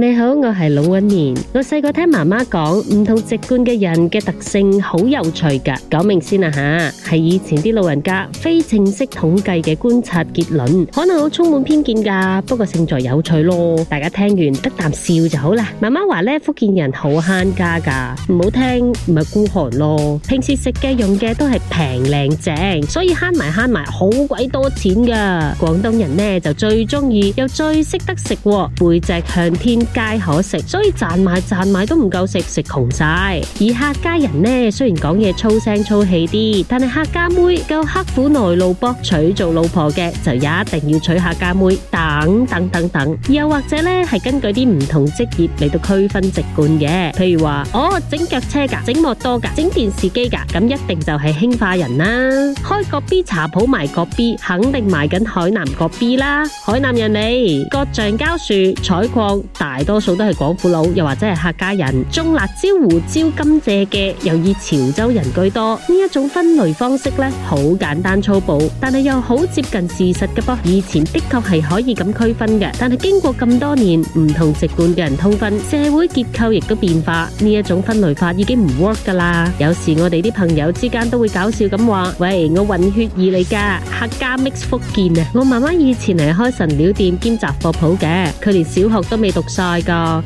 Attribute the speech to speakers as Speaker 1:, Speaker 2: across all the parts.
Speaker 1: 你好，我係龍紋敏。我細個聽媽媽講，唔同籍貫嘅人嘅特性好有趣噶。講明先啦、啊、吓，係以前啲老人家非正式統計嘅觀察結論，可能好充滿偏見噶。不過勝在有趣咯，大家聽完得啖笑就好啦。媽媽話咧，福建人好慳家噶，唔好聽唔係孤寒咯。平時食嘅用嘅都係平靚正，所以慳埋慳埋好鬼多錢噶。廣東人呢就最中意又最識得食，背脊向天，皆可食，所以賺賣賺賣都唔夠食，食窮晒。而客家人呢，雖然講嘢粗聲粗氣啲，但係客家妹夠刻苦耐勞，博娶做老婆嘅就一定要娶客家妹。等等等等，又或者呢係根據啲唔同職業嚟到區分籍貫嘅，譬如話哦整腳車噶，整摩多噶，整電視機噶，咁一定就係興化人啦。開個 B 茶鋪賣個 B，肯定賣緊海南個 B 啦。海南人嚟，割橡膠樹、採礦大多數都係廣府佬，又或者係客家人種辣椒、胡椒、甘蔗嘅，又以潮州人居多。呢一種分類方式呢，好簡單粗暴，但係又好接近事實嘅噃。以前的確係可以咁區分嘅，但係經過咁多年唔同籍貫嘅人通婚，社會結構亦都變化，呢一種分類法已經唔 work 噶啦。有時我哋啲朋友之間都會搞笑咁話：喂，我混血兒嚟噶，客家 mix 福建啊！我媽媽以前係開神料店兼雜貨鋪嘅，佢連小學都未讀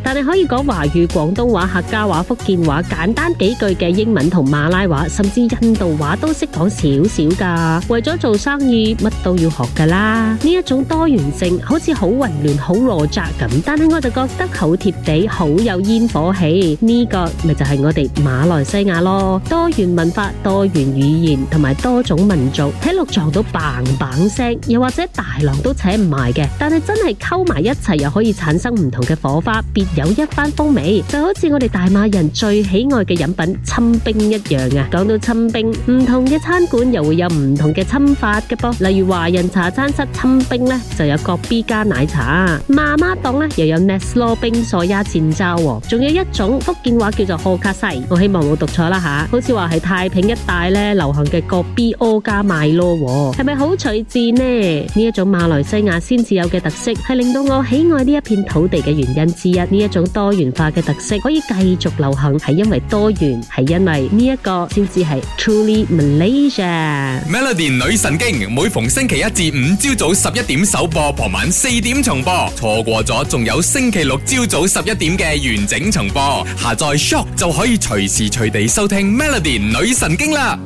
Speaker 1: 但係可以講華語、廣東話、客家話、福建話、簡單幾句嘅英文同馬拉話，甚至印度話都識講少少噶。為咗做生意，乜都要學噶啦。呢一種多元性好似好混亂、好落雜咁，但係我就覺得好貼地、好有煙火氣。呢個咪就係我哋馬來西亞咯，多元文化、多元語言同埋多種民族，睇落撞到棒棒聲，又或者大浪都扯唔埋嘅。但係真係溝埋一齊，又可以產生唔同嘅火花別有一番風味，就好似我哋大馬人最喜愛嘅飲品侵冰一樣啊！講到侵冰，唔同嘅餐館又會有唔同嘅侵法嘅噃，例如華人茶餐室侵冰咧就有國 B 加奶茶，媽媽檔咧又有 nest 螺冰索亞戰罩，仲有一種福建話叫做柯卡西，我希望冇讀錯啦吓、啊、好似話係太平一帶咧流行嘅國 B 柯加賣咯喎，係咪好隨字呢？呢一種馬來西亞先至有嘅特色，係令到我喜愛呢一片土地嘅源。原因之一，呢一種多元化嘅特色可以繼續流行，係因為多元，係因為呢一個先至係 truly Malaysia。Melody 女神經每逢星期一至五朝早十一點首播，傍晚四點重播。錯過咗仲有星期六朝早十一點嘅完整重播。下載 Shock 就可以隨時隨地收聽 Melody 女神經啦。